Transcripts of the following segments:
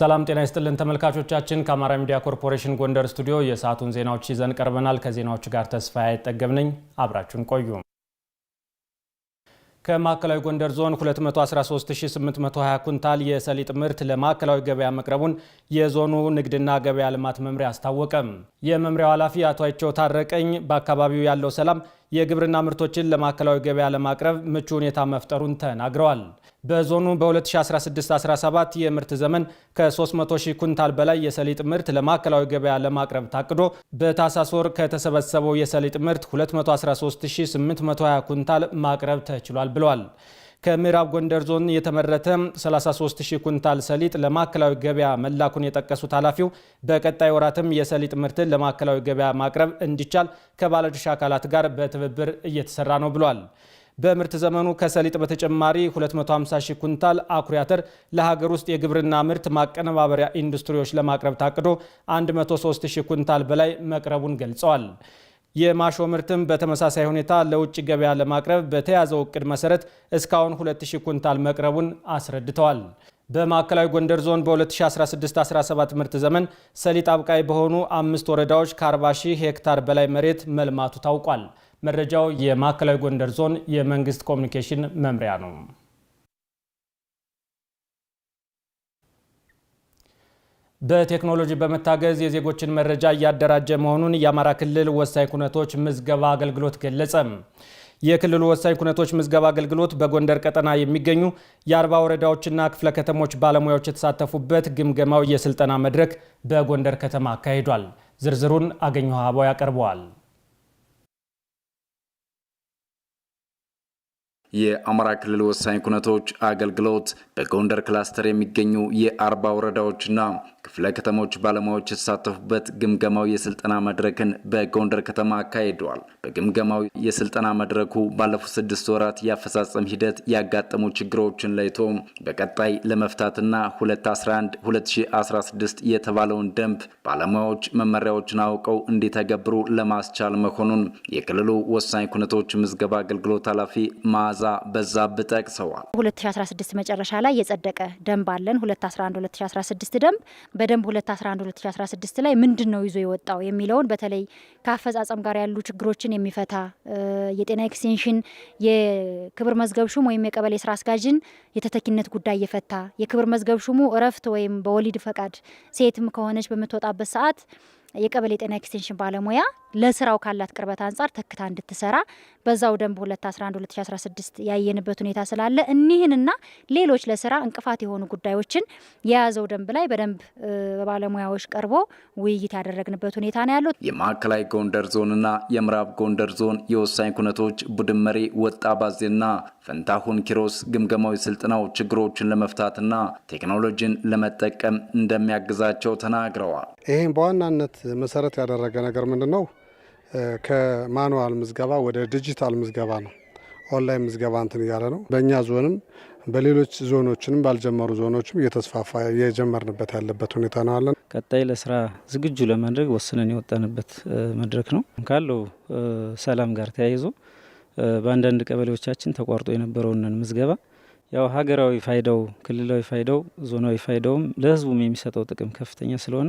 ሰላም ጤና ይስጥልን ተመልካቾቻችን፣ ከአማራ ሚዲያ ኮርፖሬሽን ጎንደር ስቱዲዮ የሰዓቱን ዜናዎች ይዘን ቀርበናል። ከዜናዎቹ ጋር ተስፋ አይጠገብ ነኝ። አብራችሁን ቆዩ። ከማዕከላዊ ጎንደር ዞን 213820 ኩንታል የሰሊጥ ምርት ለማዕከላዊ ገበያ መቅረቡን የዞኑ ንግድና ገበያ ልማት መምሪያ አስታወቀም። የመምሪያው ኃላፊ አቶ አይቸው ታረቀኝ በአካባቢው ያለው ሰላም የግብርና ምርቶችን ለማዕከላዊ ገበያ ለማቅረብ ምቹ ሁኔታ መፍጠሩን ተናግረዋል። በዞኑ በ2016/17 የምርት ዘመን ከ300 ሺህ ኩንታል በላይ የሰሊጥ ምርት ለማዕከላዊ ገበያ ለማቅረብ ታቅዶ በታህሳስ ወር ከተሰበሰበው የሰሊጥ ምርት 213820 ኩንታል ማቅረብ ተችሏል ብለዋል። ከምዕራብ ጎንደር ዞን የተመረተ 33000 ኩንታል ሰሊጥ ለማዕከላዊ ገበያ መላኩን የጠቀሱት ኃላፊው በቀጣይ ወራትም የሰሊጥ ምርትን ለማዕከላዊ ገበያ ማቅረብ እንዲቻል ከባለድርሻ አካላት ጋር በትብብር እየተሰራ ነው ብሏል። በምርት ዘመኑ ከሰሊጥ በተጨማሪ 250 ሺህ ኩንታል አኩሪ አተር ለሀገር ውስጥ የግብርና ምርት ማቀነባበሪያ ኢንዱስትሪዎች ለማቅረብ ታቅዶ 103 ሺህ ኩንታል በላይ መቅረቡን ገልጸዋል። የማሾ ምርትም በተመሳሳይ ሁኔታ ለውጭ ገበያ ለማቅረብ በተያዘው እቅድ መሰረት እስካሁን 2000 ኩንታል መቅረቡን አስረድተዋል። በማዕከላዊ ጎንደር ዞን በ2016-17 ምርት ዘመን ሰሊጥ አብቃይ በሆኑ አምስት ወረዳዎች ከ40 ሺህ ሄክታር በላይ መሬት መልማቱ ታውቋል። መረጃው የማዕከላዊ ጎንደር ዞን የመንግስት ኮሚኒኬሽን መምሪያ ነው። በቴክኖሎጂ በመታገዝ የዜጎችን መረጃ እያደራጀ መሆኑን የአማራ ክልል ወሳኝ ኩነቶች ምዝገባ አገልግሎት ገለጸ። የክልሉ ወሳኝ ኩነቶች ምዝገባ አገልግሎት በጎንደር ቀጠና የሚገኙ የአርባ ወረዳዎችና ክፍለ ከተሞች ባለሙያዎች የተሳተፉበት ግምገማው የስልጠና መድረክ በጎንደር ከተማ አካሂዷል። ዝርዝሩን አገኘ አበው ያቀርበዋል። የአማራ ክልል ወሳኝ ኩነቶች አገልግሎት በጎንደር ክላስተር የሚገኙ የአርባ ወረዳዎችና ክፍለ ከተሞች ባለሙያዎች የተሳተፉበት ግምገማዊ የስልጠና መድረክን በጎንደር ከተማ አካሂደዋል። በግምገማዊ የስልጠና መድረኩ ባለፉት ስድስት ወራት የአፈጻጸም ሂደት ያጋጠሙ ችግሮችን ለይቶ በቀጣይ ለመፍታትና 211 2016 የተባለውን ደንብ ባለሙያዎች መመሪያዎችን አውቀው እንዲተገብሩ ለማስቻል መሆኑን የክልሉ ወሳኝ ኩነቶች ምዝገባ አገልግሎት ኃላፊ ማዝ በዛብህ ጠቅሰዋል። 2016 መጨረሻ ላይ የጸደቀ ደንብ አለን 211/2016 ደንብ በደንብ 211/2016 ላይ ምንድን ነው ይዞ የወጣው የሚለውን በተለይ ከአፈጻጸም ጋር ያሉ ችግሮችን የሚፈታ የጤና ኤክስቴንሽን የክብር መዝገብ ሹም ወይም የቀበሌ ስራ አስጋጅን የተተኪነት ጉዳይ የፈታ የክብር መዝገብ ሹሙ እረፍት ወይም በወሊድ ፈቃድ ሴትም ከሆነች በምትወጣበት ሰዓት የቀበሌ ጤና ኤክስቴንሽን ባለሙያ ለስራው ካላት ቅርበት አንጻር ተክታ እንድትሰራ በዛው ደንብ 211 2016 ያየንበት ሁኔታ ስላለ እኒህንና ሌሎች ለስራ እንቅፋት የሆኑ ጉዳዮችን የያዘው ደንብ ላይ በደንብ ባለሙያዎች ቀርቦ ውይይት ያደረግንበት ሁኔታ ነው ያሉት የማዕከላዊ ጎንደር ዞንና የምዕራብ ጎንደር ዞን የወሳኝ ኩነቶች ቡድን መሪ ወጣ ባዜና ፈንታሁን ኪሮስ ግምገማዊ ስልጠናው ችግሮችን ለመፍታትና ቴክኖሎጂን ለመጠቀም እንደሚያግዛቸው ተናግረዋል። ይህም በዋናነት መሰረት ያደረገ ነገር ምንድን ነው? ከማኑዋል ምዝገባ ወደ ዲጂታል ምዝገባ ነው። ኦንላይን ምዝገባ እንትን እያለ ነው። በእኛ ዞንም በሌሎች ዞኖችንም ባልጀመሩ ዞኖችም እየተስፋፋ እየጀመርንበት ያለበት ሁኔታ ነው አለን። ቀጣይ ለስራ ዝግጁ ለማድረግ ወስነን የወጣንበት መድረክ ነው። ካለው ሰላም ጋር ተያይዞ በአንዳንድ ቀበሌዎቻችን ተቋርጦ የነበረውንን ምዝገባ ያው ሀገራዊ ፋይዳው፣ ክልላዊ ፋይዳው፣ ዞናዊ ፋይዳውም ለህዝቡም የሚሰጠው ጥቅም ከፍተኛ ስለሆነ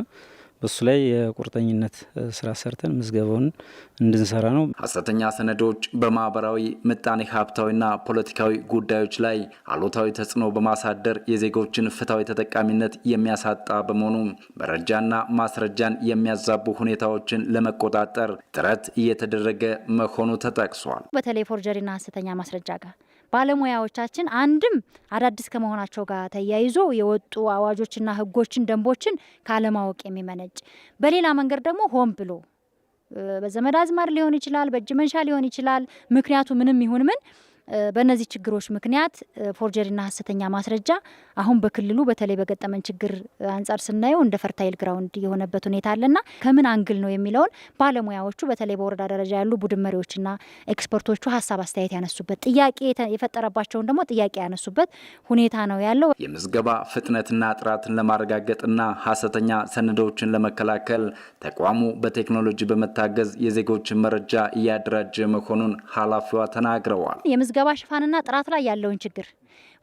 በሱ ላይ የቁርጠኝነት ስራ ሰርተን ምዝገባውን እንድንሰራ ነው። ሀሰተኛ ሰነዶች በማህበራዊ ምጣኔ ሀብታዊና ፖለቲካዊ ጉዳዮች ላይ አሉታዊ ተጽዕኖ በማሳደር የዜጎችን ፍትሐዊ ተጠቃሚነት የሚያሳጣ በመሆኑ መረጃና ማስረጃን የሚያዛቡ ሁኔታዎችን ለመቆጣጠር ጥረት እየተደረገ መሆኑ ተጠቅሷል። በተለይ ፎርጀሪና ሀሰተኛ ማስረጃ ጋር ባለሙያዎቻችን አንድም አዳዲስ ከመሆናቸው ጋር ተያይዞ የወጡ አዋጆችና ህጎችን ደንቦችን ካለማወቅ የሚመነጭ በሌላ መንገድ ደግሞ ሆን ብሎ በዘመድ አዝማድ ሊሆን ይችላል፣ በእጅ መንሻ ሊሆን ይችላል። ምክንያቱ ምንም ይሁን ምን በእነዚህ ችግሮች ምክንያት ፎርጀሪና ሀሰተኛ ማስረጃ አሁን በክልሉ በተለይ በገጠመን ችግር አንጻር ስናየው እንደ ፈርታይል ግራውንድ የሆነበት ሁኔታ አለና ከምን አንግል ነው የሚለውን ባለሙያዎቹ በተለይ በወረዳ ደረጃ ያሉ ቡድን መሪዎችና ኤክስፐርቶቹ ሀሳብ አስተያየት ያነሱበት ጥያቄ የፈጠረባቸውን ደግሞ ጥያቄ ያነሱበት ሁኔታ ነው ያለው። የምዝገባ ፍጥነትና ጥራትን ለማረጋገጥና ሀሰተኛ ሰነዶችን ለመከላከል ተቋሙ በቴክኖሎጂ በመታገዝ የዜጎችን መረጃ እያደራጀ መሆኑን ኃላፊዋ ተናግረዋል። ምዝገባ ሽፋንና ጥራት ላይ ያለውን ችግር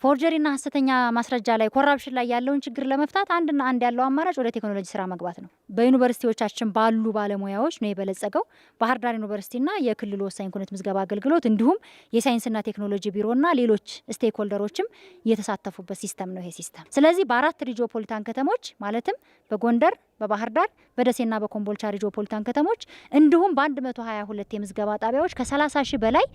ፎርጀሪና ሀሰተኛ ማስረጃ ላይ ኮራፕሽን ላይ ያለውን ችግር ለመፍታት አንድና አንድ ያለው አማራጭ ወደ ቴክኖሎጂ ስራ መግባት ነው። በዩኒቨርሲቲዎቻችን ባሉ ባለሙያዎች ነው የበለጸገው። ባህር ዳር ዩኒቨርሲቲና የክልሉ ወሳኝ ኩነት ምዝገባ አገልግሎት እንዲሁም የሳይንስና ቴክኖሎጂ ቢሮና ሌሎች ስቴክሆልደሮችም የተሳተፉበት ሲስተም ነው ይሄ ሲስተም። ስለዚህ በአራት ሪጂኦፖሊታን ከተሞች ማለትም በጎንደር በባህር ዳር በደሴና በኮምቦልቻ ሪጂኦፖሊታን ከተሞች እንዲሁም በ122 የምዝገባ ጣቢያዎች ከ30 ሺህ በላይ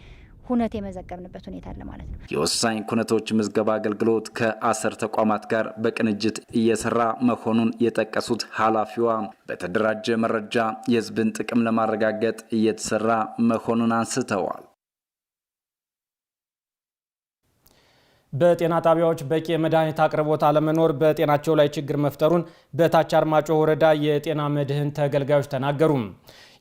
ሁነት የመዘገብንበት ሁኔታ አለ ማለት ነው። የወሳኝ ኩነቶች ምዝገባ አገልግሎት ከአሰር ተቋማት ጋር በቅንጅት እየሰራ መሆኑን የጠቀሱት ኃላፊዋ በተደራጀ መረጃ የህዝብን ጥቅም ለማረጋገጥ እየተሰራ መሆኑን አንስተዋል። በጤና ጣቢያዎች በቂ የመድኃኒት አቅርቦት አለመኖር በጤናቸው ላይ ችግር መፍጠሩን በታች አርማጮ ወረዳ የጤና መድህን ተገልጋዮች ተናገሩም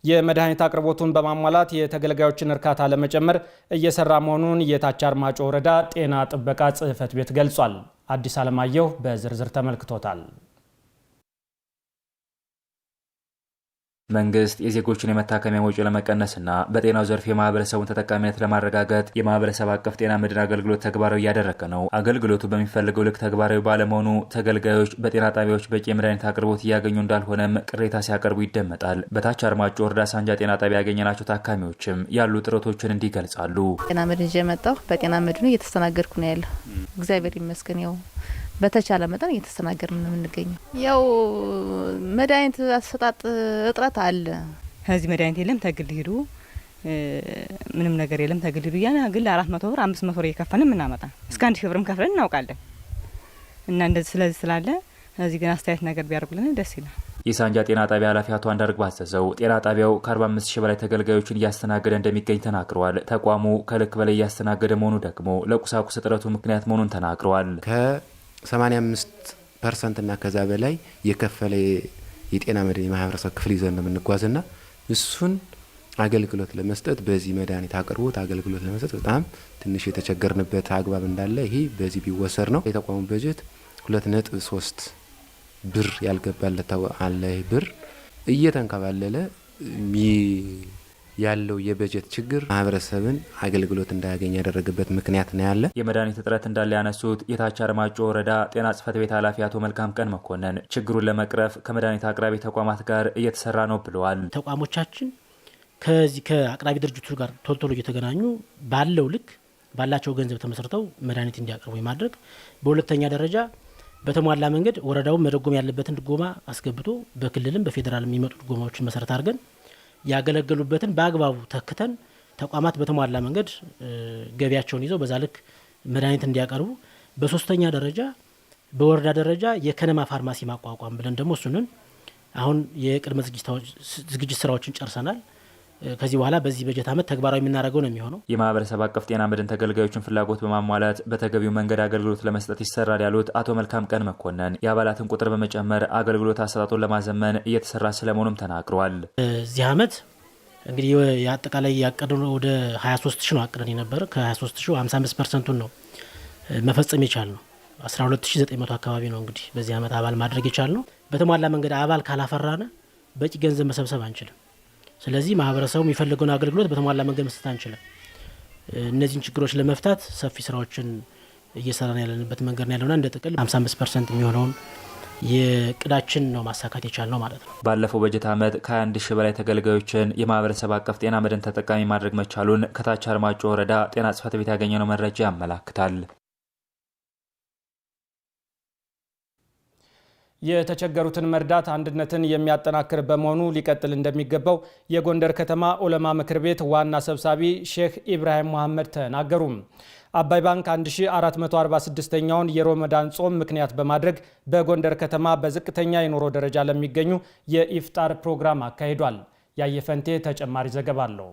የመድኃኒት አቅርቦቱን በማሟላት የተገልጋዮችን እርካታ ለመጨመር እየሰራ መሆኑን የታች አርማጮ ወረዳ ጤና ጥበቃ ጽሕፈት ቤት ገልጿል። አዲስ አለማየሁ በዝርዝር ተመልክቶታል። መንግስት የዜጎችን የመታከሚያ ወጪ ለመቀነስና በጤናው ዘርፍ የማህበረሰቡን ተጠቃሚነት ለማረጋገጥ የማህበረሰብ አቀፍ ጤና መድን አገልግሎት ተግባራዊ እያደረገ ነው። አገልግሎቱ በሚፈልገው ልክ ተግባራዊ ባለመሆኑ ተገልጋዮች በጤና ጣቢያዎች በቂ የመድኃኒት አቅርቦት እያገኙ እንዳልሆነም ቅሬታ ሲያቀርቡ ይደመጣል። በታች አርማጮ ወረዳ ሳንጃ ጤና ጣቢያ ያገኘናቸው ታካሚዎችም ያሉ ጥረቶችን እንዲህ ጤና መድን ይዤ መጣሁ። በጤና መድኑ እየተስተናገድኩ ነው ያለው። እግዚአብሔር ይመስገን ያው በተቻለ መጠን እየተስተናገድ ነው የምንገኘው። ያው መድኃኒት አሰጣጥ እጥረት አለ። ከዚህ መድኃኒት የለም ተግል ሂዱ ምንም ነገር የለም ተግል ሂዱ እያለ ግል አራት መቶ ብር አምስት መቶ ብር እየከፈልን የምናመጣ እስከ አንድ ሺ ብርም ከፍለን እናውቃለን። እና እንደዚህ ስለዚህ ስላለ እዚህ ግን አስተያየት ነገር ቢያደርጉልን ደስ ይላል። የሳንጃ ጤና ጣቢያ ኃላፊ አቶ አንዳርግ ባሰሰው ጤና ጣቢያው ከ45 ሺህ በላይ ተገልጋዮችን እያስተናገደ እንደሚገኝ ተናግረዋል። ተቋሙ ከልክ በላይ እያስተናገደ መሆኑ ደግሞ ለቁሳቁስ እጥረቱ ምክንያት መሆኑን ተናግረዋል። 85 ፐርሰንትና ከዛ በላይ የከፈለ የጤና መድን የማህበረሰብ ክፍል ይዘን ነው የምንጓዝና እሱን አገልግሎት ለመስጠት በዚህ መድኃኒት አቅርቦት አገልግሎት ለመስጠት በጣም ትንሽ የተቸገርንበት አግባብ እንዳለ ይሄ በዚህ ቢወሰድ ነው። የተቋሙ በጀት ሁለት ነጥብ ሶስት ብር ያልገባለት አለ ብር እየተንከባለለ ያለው የበጀት ችግር ማህበረሰብን አገልግሎት እንዳያገኝ ያደረገበት ምክንያት ነው ያለ የመድኃኒት እጥረት እንዳለ ያነሱት የታች አርማጮ ወረዳ ጤና ጽፈት ቤት ኃላፊ አቶ መልካም ቀን መኮንን ችግሩን ለመቅረፍ ከመድኃኒት አቅራቢ ተቋማት ጋር እየተሰራ ነው ብለዋል። ተቋሞቻችን ከዚህ ከአቅራቢ ድርጅቱ ጋር ቶሎ እየተገናኙ ባለው ልክ ባላቸው ገንዘብ ተመስርተው መድኃኒት እንዲያቀርቡ የማድረግ በሁለተኛ ደረጃ በተሟላ መንገድ ወረዳውን መደጎም ያለበትን ድጎማ አስገብቶ በክልልም በፌዴራል የሚመጡ ድጎማዎችን መሰረት አድርገን ያገለገሉበትን በአግባቡ ተክተን ተቋማት በተሟላ መንገድ ገቢያቸውን ይዘው በዛ ልክ መድኃኒት እንዲያቀርቡ፣ በሶስተኛ ደረጃ በወረዳ ደረጃ የከነማ ፋርማሲ ማቋቋም ብለን ደግሞ እሱንን አሁን የቅድመ ዝግጅት ስራዎችን ጨርሰናል። ከዚህ በኋላ በዚህ በጀት ዓመት ተግባራዊ የምናደርገው ነው የሚሆነው። የማህበረሰብ አቀፍ ጤና መድን ተገልጋዮችን ፍላጎት በማሟላት በተገቢው መንገድ አገልግሎት ለመስጠት ይሰራል ያሉት አቶ መልካም ቀን መኮንን የአባላትን ቁጥር በመጨመር አገልግሎት አሰጣጡን ለማዘመን እየተሰራ ስለመሆኑም ተናግረዋል። እዚህ ዓመት እንግዲህ የአጠቃላይ ያቀድነው ወደ 23 ሺህ ነው አቅደን የነበረ ከ23 ሺህ 55 ፐርሰንቱን ነው መፈጸም የቻልነው። 12900 አካባቢ ነው እንግዲህ በዚህ ዓመት አባል ማድረግ የቻልነው። በተሟላ መንገድ አባል ካላፈራነ በቂ ገንዘብ መሰብሰብ አንችልም። ስለዚህ ማህበረሰቡ የሚፈልገውን አገልግሎት በተሟላ መንገድ መስጠት አንችልም። እነዚህን ችግሮች ለመፍታት ሰፊ ስራዎችን እየሰራን ያለንበት መንገድ ነው ያለውና እንደ ጥቅል 55 ፐርሰንት የሚሆነውን የቅዳችን ነው ማሳካት ነው ማለት ነው። ባለፈው በጀት ዓመት ከ21 ሺህ በላይ ተገልጋዮችን የማህበረሰብ አቀፍ ጤና መድን ተጠቃሚ ማድረግ መቻሉን ከታች አርማጮ ወረዳ ጤና ጽፈት ቤት ያገኘነው መረጃ ያመላክታል። የተቸገሩትን መርዳት አንድነትን የሚያጠናክር በመሆኑ ሊቀጥል እንደሚገባው የጎንደር ከተማ ኦለማ ምክር ቤት ዋና ሰብሳቢ ሼክ ኢብራሂም መሐመድ ተናገሩ። አባይ ባንክ 1446ኛውን የሮመዳን ጾም ምክንያት በማድረግ በጎንደር ከተማ በዝቅተኛ የኑሮ ደረጃ ለሚገኙ የኢፍጣር ፕሮግራም አካሂዷል። ያየፈንቴ ተጨማሪ ዘገባ አለው።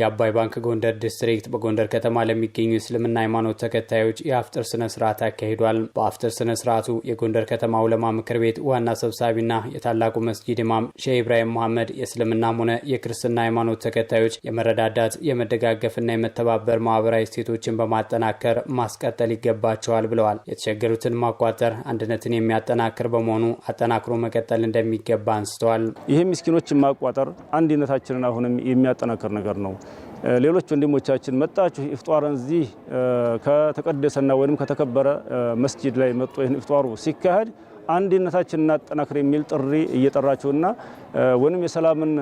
የአባይ ባንክ ጎንደር ዲስትሪክት በጎንደር ከተማ ለሚገኙ የእስልምና ሃይማኖት ተከታዮች የአፍጥር ስነ ስርዓት አካሂዷል። በአፍጥር ስነ ስርዓቱ የጎንደር ከተማ ውለማ ምክር ቤት ዋና ሰብሳቢና የታላቁ መስጂድ ኢማም ሼህ ኢብራሂም መሐመድ የእስልምናም ሆነ የክርስትና ሃይማኖት ተከታዮች የመረዳዳት የመደጋገፍና የመተባበር ማህበራዊ እሴቶችን በማጠናከር ማስቀጠል ይገባቸዋል ብለዋል። የተቸገሩትን ማቋጠር አንድነትን የሚያጠናክር በመሆኑ አጠናክሮ መቀጠል እንደሚገባ አንስተዋል። ይህ ምስኪኖችን ማቋጠር አንድነታችንን አሁንም የሚያጠናክር ነገር ነው። ሌሎች ወንድሞቻችን መጣችሁ ኢፍጧርን እዚህ ከተቀደሰና ወይም ከተከበረ መስጂድ ላይ መጥቶ ይህን ኢፍጧሩ ሲካሄድ አንድነታችን እናጠናክር የሚል ጥሪ እየጠራችሁና ወይም የሰላምን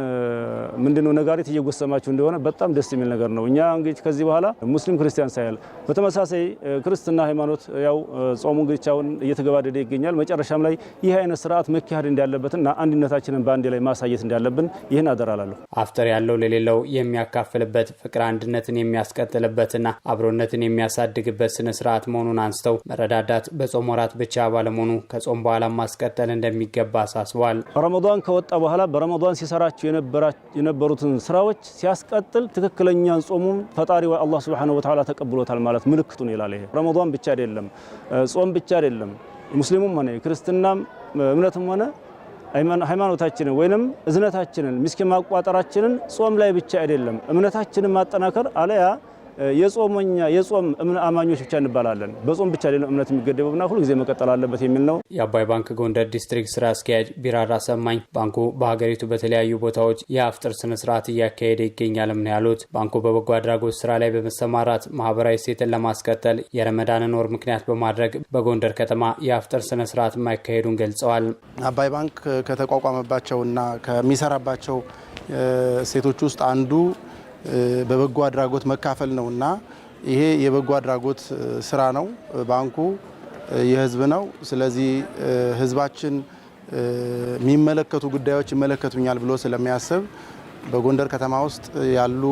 ምንድነው ነጋሪት እየጎሰማችሁ እንደሆነ በጣም ደስ የሚል ነገር ነው። እኛ እንግዲህ ከዚህ በኋላ ሙስሊም ክርስቲያን ሳይል በተመሳሳይ ክርስትና ሃይማኖት ያው ጾሙ እንግዲህ አሁን እየተገባደደ ይገኛል። መጨረሻም ላይ ይህ አይነት ስርዓት መካሄድ እንዳለበትና አንድነታችንን በአንድ ላይ ማሳየት እንዳለብን ይህን አደራላለሁ። አፍጠር ያለው ለሌለው የሚያካፍልበት ፍቅር አንድነትን የሚያስቀጥልበትና አብሮነትን የሚያሳድግበት ስነ ስርዓት መሆኑን አንስተው መረዳዳት በጾም ወራት ብቻ ባለመሆኑ ከጾም በኋላ ማስቀጠል እንደሚገባ አሳስበዋል። ረመዷን ከወጣ በኋላ በኋላ በረመዷን ሲሰራቸው የነበሩትን ስራዎች ሲያስቀጥል ትክክለኛን ጾሙም ፈጣሪ አላህ ሱብሓነሁ ወተዓላ ተቀብሎታል ማለት ምልክቱ ነው ይላል። ይሄ ረመዷን ብቻ አይደለም፣ ጾም ብቻ አይደለም። ሙስሊሙም ሆነ ክርስትናም እምነትም ሆነ ሃይማኖታችንን ወይንም እዝነታችንን ምስኪን ማቋጠራችንን ጾም ላይ ብቻ አይደለም እምነታችንን ማጠናከር አለያ የጾመኛ የጾም አማኞች ብቻ እንባላለን። በጾም ብቻ ሌላ እምነት የሚገደበውና ሁሉ ጊዜ መቀጠል አለበት የሚል ነው። የአባይ ባንክ ጎንደር ዲስትሪክት ስራ አስኪያጅ ቢራራ ሰማኝ ባንኩ በሀገሪቱ በተለያዩ ቦታዎች የአፍጥር ስነስርዓት እያካሄደ ይገኛልም ነው ያሉት። ባንኩ በበጎ አድራጎት ስራ ላይ በመሰማራት ማህበራዊ ሴትን ለማስቀጠል የረመዳንን ወር ምክንያት በማድረግ በጎንደር ከተማ የአፍጥር ስነስርዓት ማካሄዱን ገልጸዋል። አባይ ባንክ ከተቋቋመባቸውና ከሚሰራባቸው ሴቶች ውስጥ አንዱ በበጎ አድራጎት መካፈል ነው እና ይሄ የበጎ አድራጎት ስራ ነው። ባንኩ የህዝብ ነው። ስለዚህ ህዝባችን የሚመለከቱ ጉዳዮች ይመለከቱኛል ብሎ ስለሚያስብ በጎንደር ከተማ ውስጥ ያሉ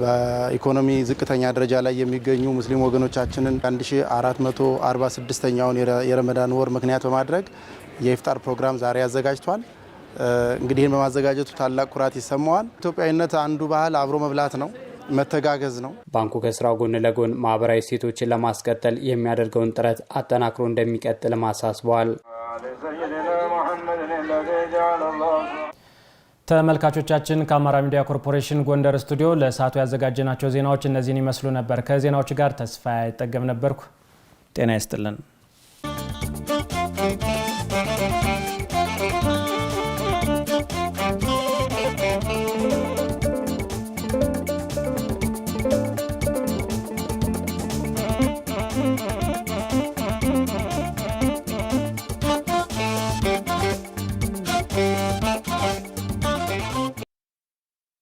በኢኮኖሚ ዝቅተኛ ደረጃ ላይ የሚገኙ ሙስሊም ወገኖቻችንን 1446ኛውን የረመዳን ወር ምክንያት በማድረግ የኢፍጣር ፕሮግራም ዛሬ አዘጋጅቷል። እንግዲህ ይህን በማዘጋጀቱ ታላቅ ኩራት ይሰማዋል። ኢትዮጵያዊነት አንዱ ባህል አብሮ መብላት ነው፣ መተጋገዝ ነው። ባንኩ ከስራው ጎን ለጎን ማህበራዊ ሴቶችን ለማስቀጠል የሚያደርገውን ጥረት አጠናክሮ እንደሚቀጥል አሳስበዋል። ተመልካቾቻችን ከአማራ ሚዲያ ኮርፖሬሽን ጎንደር ስቱዲዮ ለሰዓቱ ያዘጋጀናቸው ዜናዎች እነዚህን ይመስሉ ነበር። ከዜናዎች ጋር ተስፋ አይጠገም ነበርኩ። ጤና ይስጥልን።